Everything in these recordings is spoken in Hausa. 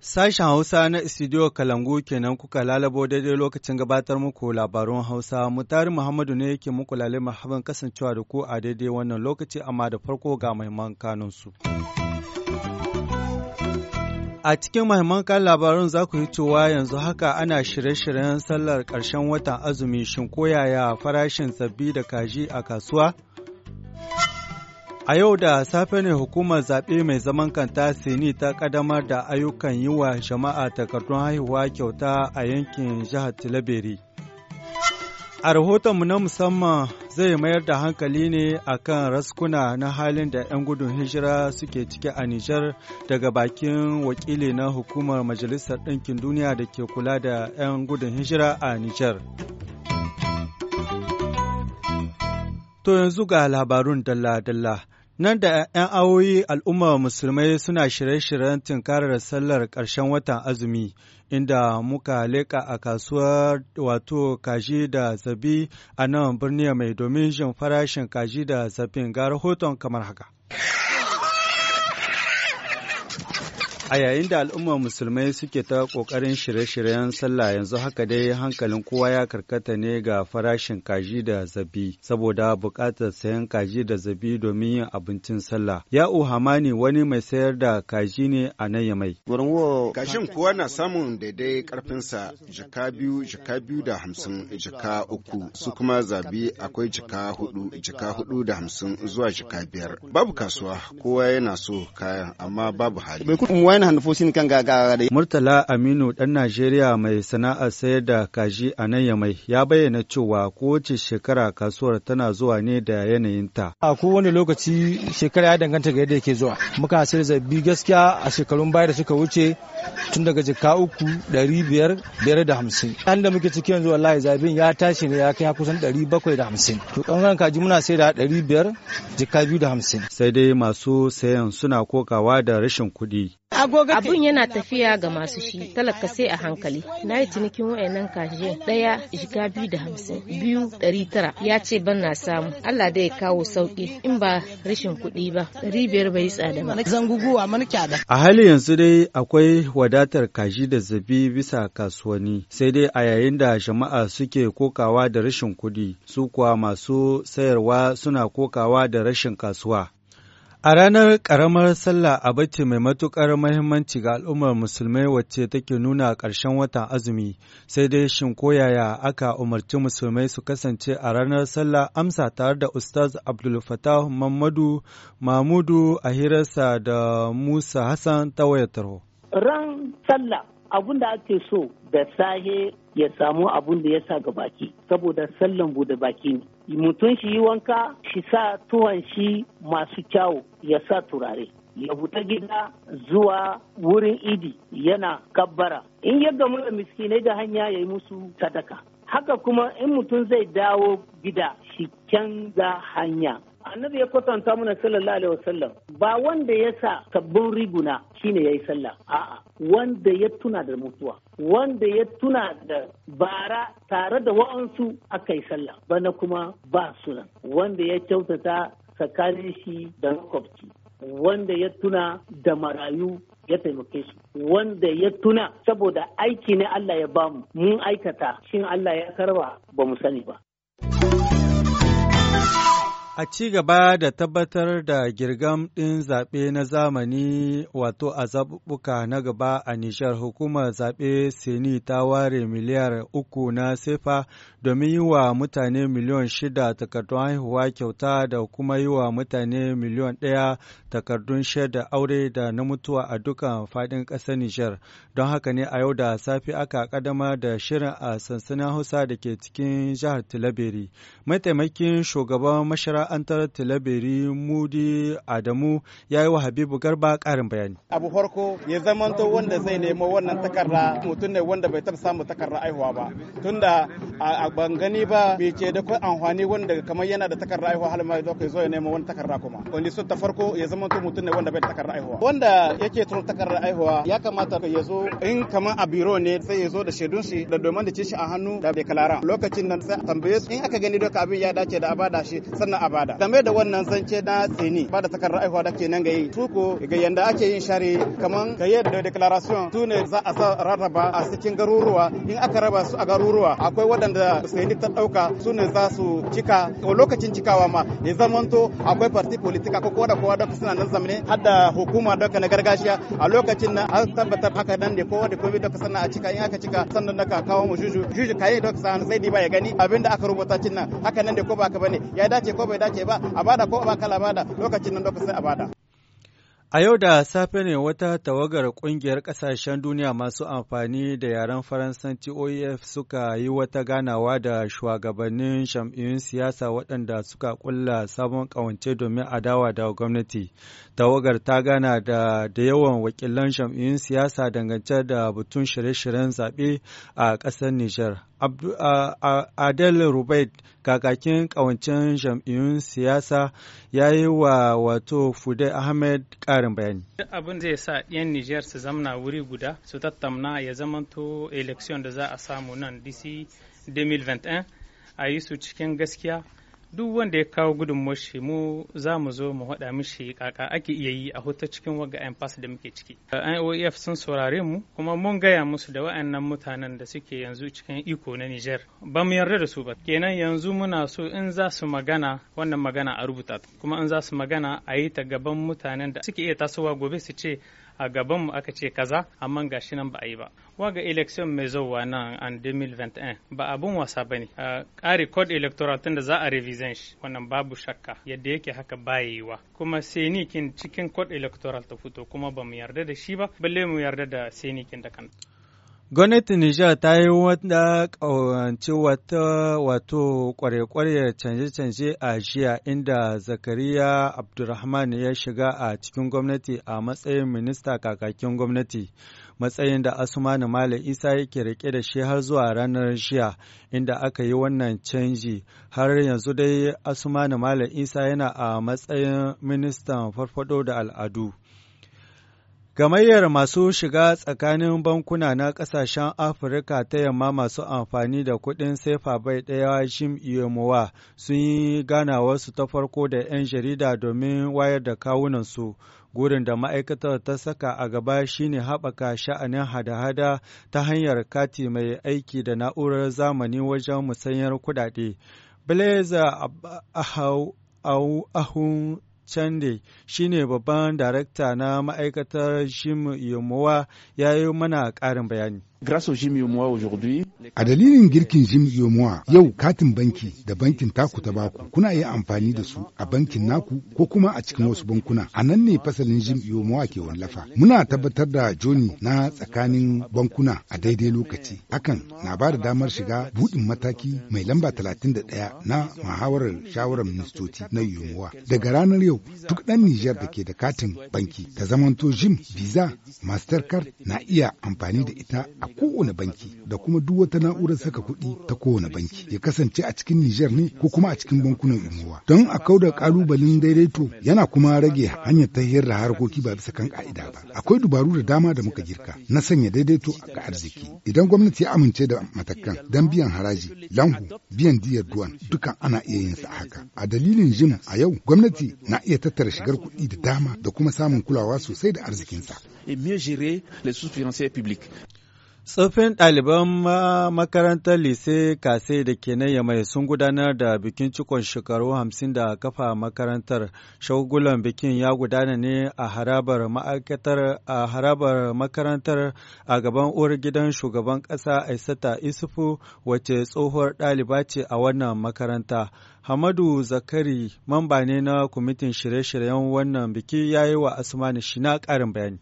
Sashen Hausa na studio Kalangu kenan kuka lalabo daidai lokacin gabatar muku labarun Hausa. Mutari Muhammadu ne yake muku lalai mahabin kasancewa da ku a daidai wannan lokaci amma da farko ga mahimman kanunsu. A cikin mahimman kan labarun za ku yi cewa yanzu haka ana shirye-shiryen sallar ƙarshen watan azumi shin koyaya farashin sabbi da kaji a kasuwa? A yau da safe ne hukumar zaɓe mai zaman kanta Sini ta ƙaddamar da ayyukan yi wa jama'a takardun haihuwa kyauta a yankin jihar Tilaberi. A rahotonmu na musamman zai mayar da hankali ne a kan raskuna na halin da 'yan gudun hijira suke ciki a Nijar daga bakin wakili na hukumar Majalisar Ɗinkin Duniya da ke kula da 'yan gudun hijira a Nijar. To yanzu ga labarun dalla-dalla. Nan da ‘yan awoyi al'umma musulmai suna shirye-shiryen tunkarar sallar ƙarshen watan azumi, inda muka leƙa a kasuwar wato kaji da zabi a nan birni mai domin jin farashin kaji da zabin ga rahoton kamar haka. A yayin da al'ummar musulmai suke ta ƙoƙarin shirye-shiryen sallah yanzu haka dai hankalin kowa ya karkata ne ga farashin kaji da zabi, saboda buƙatar sayan kaji da zabi domin yin abincin sallah. Ya Uhamani wani mai sayar da kaji ne a nan Yamai. Kashin kowa na samun daidai ƙarfinsa jika biyu, jika biyu da hamsin, jika uku, su kuma zabi akwai jika hudu, jika hudu da hamsin zuwa jika biyar. Babu kasuwa, kowa yana so kayan amma babu hali. aina kan gaga da Murtala Aminu dan Najeriya mai sana'ar sayar da kaji a nan Yamai ya bayyana cewa kowace shekara kasuwar tana zuwa ne da yanayinta. A kowane lokaci shekara ya danganta ga yadda yake zuwa. Muka sayar da bi gaskiya a shekarun baya da suka wuce tun daga jika uku ɗari biyar biyar da hamsin. An da muke ciki yanzu wallahi zabin ya tashi ne ya kai kusan ɗari bakwai da hamsin. To ɓangaren kaji muna sayar da ɗari biyar jika biyu da hamsin. Sai dai masu sayan suna kokawa da rashin kuɗi. abun yana tafiya ga masu shi talaka sai a hankali na yi cinikin wayannan kashe daya shiga biyu da hamsin biyu dari tara ya ce ban na samu allah da ya kawo sauki in ba rashin kuɗi ba dari biyar bai tsada ba a hali yanzu dai akwai wadatar kaji da zabi bisa kasuwanni sai dai a yayin da jama'a suke kokawa da rashin kuɗi su kuwa masu sayarwa suna kokawa da rashin kasuwa A ranar ƙaramar sallah a mai matuƙar mahimmanci ga al'ummar musulmai wacce take nuna ƙarshen watan azumi, sai dai shin koyaya aka umarci musulmai su kasance a ranar sallah amsa tare da Ustaz Abdul Fattah Mamadu Mahmudu a hirarsa da Musa Hassan ta wayar Ran sallah abun da ake so da sahe ya samu abun da ya sa ga baki, saboda sallan bude baki ne. mutum shi yi wanka shi sa tuwon shi masu kyawu ya sa turare ya fita gida zuwa wurin idi yana kabbara in ya gamu da miskinai da hanya ya yi musu sadaka haka kuma in mutum zai dawo gida shi canza hanya annabi ya kwatanta mana sallallahu alaihi wasallam ba wanda ya sa sabbin riguna shine yayi sallah a'a wanda ya tuna da mutuwa wanda ya tuna da bara tare da wa'ansu aka yi sallah bana kuma ba suna. wanda ya kyautata tsakanin shi da makwabci wanda ya tuna da marayu ya taimake su wanda ya tuna saboda aiki ne Allah ya bamu mun aikata shin Allah ya karba ba mu sani ba A ci gaba da tabbatar da girgam ɗin zaɓe na zamani wato a zaɓuɓɓuka na gaba a Nishar hukumar zaɓe Seni ta ware miliyar uku na sefa domin yi wa mutane miliyon shida takardun haihuwa kyauta da kuma yi wa mutane miliyon ɗaya takardun shaida aure da na mutuwa a dukkan faɗin ƙasar Nijar. Don haka ne a yau da safe aka ƙaddamar da shirin a sansanin Hausa da ke cikin jihar Tilaberi. Mataimakin shugaban mashara masana'antar talabiri Mudi Adamu ya yi wa Habibu Garba ƙarin bayani. Abu farko ya zamanto wanda zai nemo wannan takarda mutum ne wanda bai taɓa samun takarda aihuwa ba. Tunda a ban gani ba bai ce da kai amfani wanda kamar yana da takarda aihuwa har ma zai zo ya nemo wani takarda kuma. Wanda ta farko ya zamanto mutum ne wanda bai takarda aihuwa. Wanda yake tun takarda aihuwa ya kamata ya zo in kamar a biro ne sai ya zo da shaidun shi da domin da ce shi a hannu da bai kalara. Lokacin nan sai a tambaye su in aka gani doka abin ya dace da a bada shi sannan a bada game da wannan zance na tsini ba da takarar aihuwa da ke nan ga yi tuko ga yanda ake yin share kaman ga yadda declaration su ne za a rarraba a cikin garuruwa in aka raba su a garuruwa akwai waɗanda tsini ta ɗauka su ne za su cika a lokacin cikawa ma ya zamanto akwai parti politika ko kowa da kowa da suna nan zamane har da hukuma da na gargajiya a lokacin nan an tabbatar haka nan ne kowa da komai da sannan a cika in aka cika sannan da ka kawo mu juju juju kayi da sannan zai diba ya gani abinda aka rubuta cin nan haka nan da ko ba haka bane ya dace ko bai dace dace ba a bada ko ba kala bada lokacin nan lokacin a bada A yau da safe ne wata tawagar kungiyar ƙasashen duniya masu amfani da yaren Faransanci OEF suka yi wata ganawa da shugabannin jam'iyyun siyasa waɗanda suka ƙulla sabon kawance domin adawa da gwamnati. tawagar ta gana da da yawan wakilan jam'iyyun siyasa dangance da batun shirye-shiryen zaɓe a ƙasar Nijar. Adel rubaid kakakin ƙawancin jam'iyyun siyasa ya yi wa wato Fude Ahmed ƙarin bayani. Abin zai sa 'yan Nijar su zamna wuri guda su tattamna ya zamanto election da za a samu nan DC 2021 a yi su cikin gaskiya duk wanda ya kawo gudun shi mu za mu zo mu haɗa mishi kaka ake iya yi a hoto cikin waga fasa da muke ciki IOF e sun saurare mu kuma mun gaya musu da wa'annan mutanen da suke yanzu cikin iko na Niger ba mu yarda da su ba kenan yanzu muna so in za su magana wannan magana a rubuta kuma in za su magana a yi ta gaban mutanen da suke iya tasowa gobe su ce a gaban mu aka ce kaza amma gashi nan ba a yi ba waga election mai zauwa nan an 2021 ba abun wasa bane a kare code electoral tunda za a revision shi wannan babu shakka yadda yake haka bayewa kuma senikin cikin code electoral ta fito kuma ba mu yarda da shi ba balle mu yarda da senikin da kanta Gwamnatin Nijar ta yi wata ƙawance wata wato kware-kware canje-canje a jiya inda Zakariya Abdulrahman ya shiga a cikin gwamnati a matsayin minista kakakin gwamnati, matsayin da Asmanu Malam Isa yake rike da shi har zuwa ranar jiya inda aka yi wannan canji. Har yanzu dai Asmanu Malam Isa yana a matsayin ministan farfado da al'adu. Gamayyar masu shiga tsakanin bankuna na ƙasashen Afirka ta yamma masu amfani da kuɗin sefa bai ɗaya Jim Iyomowa sun yi ganawarsu ta farko da 'yan jarida domin wayar da kawunansu. Gurin da ma'aikatar ta saka a gaba shine haɓaka sha'anin hada-hada ta hanyar kati mai aiki da na'urar zamani wajen musanyar kuɗaɗe. Blazer Ahun Chande shine babban darakta na ma'aikatar jim Yomowa ya yi mana ƙarin bayani. A dalilin girkin Jim Yomowa yau katin banki da bankin taku ta baku kuna iya amfani da su a bankin naku ko kuma a cikin wasu bankuna. A nan ne fasalin Jim Yomowa ke wallafa. Muna tabbatar da joni na tsakanin bankuna a daidai lokaci. Hakan na ba da damar shiga buɗin mataki mai lamba 31 na muhawarar shawarar ministoci na Yomowa. Daga ranar yau duk ɗan Nijar da ke da katin banki ta zamanto jim visa mastercard na iya amfani da ita a kowane banki da kuma duk wata na'urar saka kuɗi ta kowane banki ya kasance a cikin Nijar ne ko kuma a cikin bankunan Imowa don a da kalubalen daidaito yana kuma rage hanyar tahiyar da harkoki ba bisa kan ƙa'ida ba akwai dubaru da dama da muka girka na sanya daidaito ga arziki idan gwamnati ya amince da matakan don biyan haraji lanhu biyan diyar duwan dukan ana iya yin sa haka a dalilin jim a yau gwamnati na iya tattara shigar kuɗi da dama da kuma samun kulawa sosai da arzikinsa. Tsofin ɗaliban makarantar lise kase da ke nan mai sun gudanar da bikin cikon shekaru hamsin da kafa makarantar. Shagulan bikin ya gudana ne a harabar a makarantar a gaban uwar gidan shugaban ƙasa Aisata Isufu wacce tsohuwar ɗaliba ce a wannan makaranta. Hamadu Zakari mamba ne na kwamitin shirye-shiryen wannan biki ya yi wa Asmani Shina ƙarin bayani.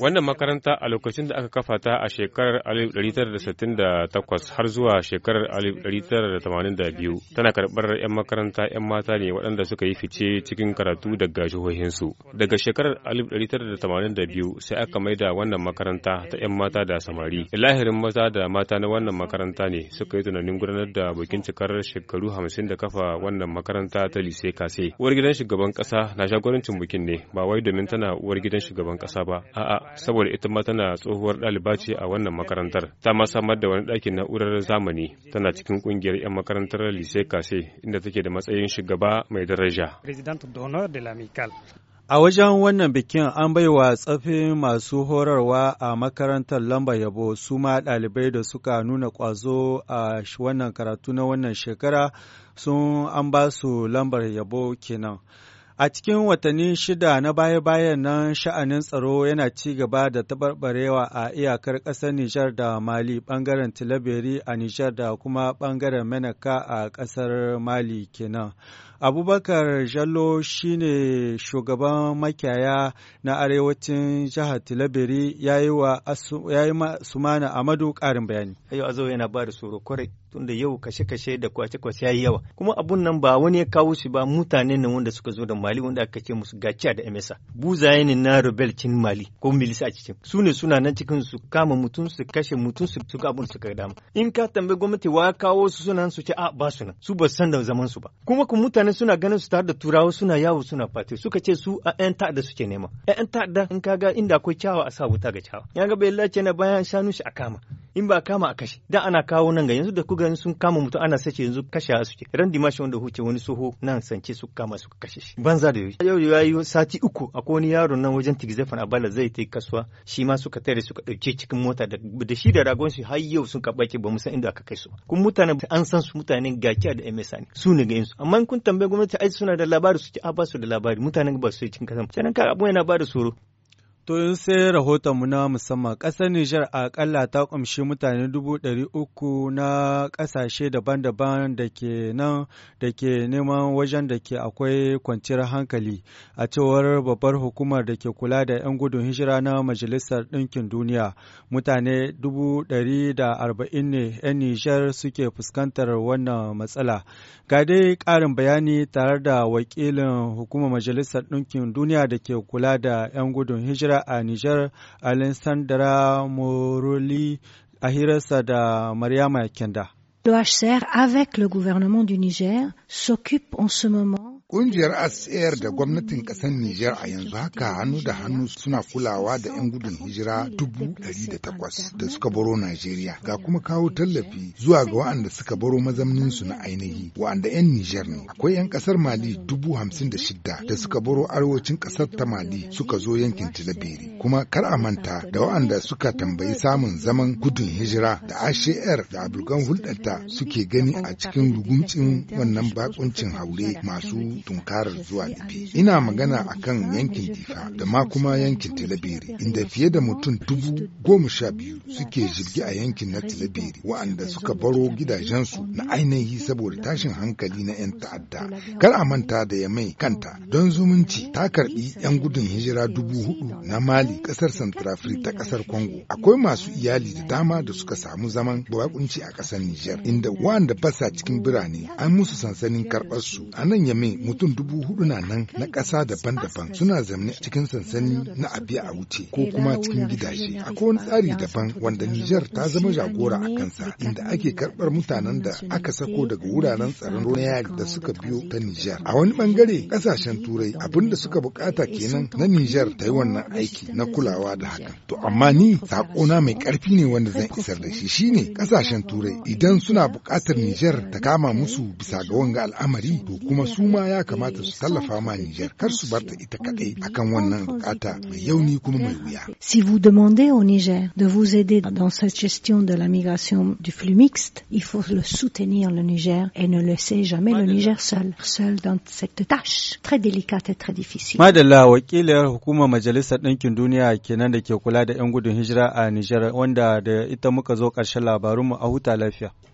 Wannan makaranta a lokacin da aka kafa ta a shekarar 1968 har zuwa shekarar 1982 tana karɓar 'yan makaranta 'yan mata ne waɗanda suka yi fice cikin karatu daga jihohinsu. Daga shekarar 1982 sai aka maida wannan makaranta ta 'yan mata da samari. Ilahirin maza da mata na wannan makaranta ne suka yi tunanin domin gudanar da bikin cikar shekaru hamsin da kafa wannan makaranta ta lise kase uwar gidan shugaban kasa na jagorancin bikin ne ba wai domin tana uwar gidan shugaban kasa ba a'a saboda ita ma tana tsohuwar ɗaliba ce a wannan makarantar ta ma samar da wani ɗakin na'urar zamani tana cikin kungiyar 'yan makarantar lise kase inda take da matsayin shugaba mai daraja A wajen wannan bikin an bai wa tsafi masu horarwa a makarantar lamba yabo su ma ɗalibai da suka nuna ƙwazo a wannan karatu na wannan shekara sun an ba su lambar yabo kenan. A cikin watanni shida na baya-bayan nan sha'anin tsaro yana ci gaba da taɓarɓarewa a iyakar ƙasar Nijar da Mali ɓangaren Tilaberi a Nijar da kuma ɓangaren Menaka a ƙasar Mali kenan. Abubakar Jallo shine shugaban makiyaya na arewacin jihar Tilabiri ya yi wa Sumana Amadu karin bayani. Yau azo yana ba da tsoro kwarai tunda yau kashe-kashe da kwace-kwace yayi yawa kuma abun nan ba wani ya kawo shi ba mutane nan wanda suka zo da Mali wanda aka ce musu gaciya da MSA buzaye ne na rebel cin Mali ko milisa a cikin su ne suna nan cikin su kama mutum su kashe mutum su tuka abun suka dama in ka tambayi gwamnati wa kawo su sunan su ce a ba su nan su ba san da zaman su ba kuma ku mutane ganin suna ganin su tare da turawa suna yawo suna fati suka ce su a yan ta'adda suke nema yan ta'adda in kaga inda akwai kyawa a sa wuta ga kyawa ya ga bai lace na bayan shanu shi a kama in ba kama a kashe da ana kawo nan ga yanzu da ku gani sun kama mutum ana sace yanzu kashe suke ran dimashi wanda huce wani soho nan sance su kama su kashe shi banza da yoyi yau ya yi sati uku akwai wani yaro nan wajen tigzefan a bala zai tai kasuwa shi ma suka tare suka dauke cikin mota da shi da ragon shi har yau sun kaba ki ba mu san inda aka kai su kun mutane an san su mutanen gakiya da ne su ne ga yanzu amma kun tambaye gwamnati ai suna da labari su ci a ba su da labari mutanen ba su cikin kasan sanan ka abu yana ba da tsoro To in sai rahotonmu na musamman ƙasar Nijar a aƙalla ta ƙumshi mutane dubu ɗari uku na ƙasashe daban-daban da ke nan da ke neman wajen da ke akwai kwanciyar hankali a cewar babbar hukumar da ke kula da 'yan gudun hijira na Majalisar Ɗinkin Duniya. Mutane dubu ɗari da arba'in ne 'yan Nijar suke fuskantar wannan matsala. Ga dai ƙarin bayani tare da wakilin hukumar Majalisar Ɗinkin Duniya da ke kula da 'yan gudun hijira à Niger, Alessandra Moroli a Sada, da Maryama Kenda. L'OHCR, avec le gouvernement du Niger, s'occupe en ce moment Ƙungiyar ASAR da gwamnatin ƙasar Nijar a yanzu haka hannu da hannu suna kulawa da 'yan gudun hijira dubu ɗari da takwas da suka baro Najeriya ga kuma kawo tallafi zuwa ga wa'anda suka baro mazamninsu na ainihi Wa'anda 'yan Nijar ne. Akwai 'yan ƙasar Mali dubu hamsin da shida da suka baro arewacin ƙasar ta Mali suka zo yankin tilabiri Kuma kar a manta da waɗanda suka tambayi samun zaman gudun hijira da ASAR da abokan hulɗarta suke gani a cikin rugumcin wannan bakuncin haure masu tunkarar zuwa libi Ina magana a kan yankin Difa da ma kuma yankin Talabiri, inda fiye da mutum dubu goma sha biyu suke jirgi a yankin na Talabiri, waɗanda suka baro gidajensu na ainihi saboda tashin hankali na 'yan ta'adda. Kar a manta da ya mai kanta don zumunci ta karɓi 'yan gudun hijira dubu hudu na Mali, ƙasar Santarafiri ta ƙasar kongo Akwai masu iyali da dama da suka samu zaman bakunci a ƙasar Nijar, inda waɗanda ba cikin birane an musu sansanin karɓar su a nan ya mai mutum dubu hudu na nan na ƙasa daban-daban suna zamne cikin sansani na abiya a wuce ko kuma cikin gidaje. Akwai wani tsari daban wanda Nijar ta zama jagora a kansa inda ake karɓar mutanen da aka sako daga wuraren tsaron na yari da suka biyo ta Nijar. A wani bangare ƙasashen Turai abin da suka bukata kenan na Nijar ta yi wannan aiki na kulawa da hakan. To amma ni sakona mai ƙarfi ne wanda zan isar da shi shine ƙasashen Turai idan suna buƙatar Nijar ta kama musu bisa ga wanga al'amari to kuma su ma ya kamata su tallafa ma Nijar kar su barta ita kadai akan wannan bukata mai yauni kuma mai wuya. Si vous demandez au Niger de vous aider dans cette gestion de la migration du flux mixte, il faut le soutenir le Niger et ne laisser jamais le Niger seul, seul dans cette tâche très délicate et très difficile. Madalla wakilar hukumar Majalisar Dinkin Duniya kenan da ke kula da 'yan gudun hijira a Nijar wanda da ita muka zo ƙarshen labarunmu a huta lafiya.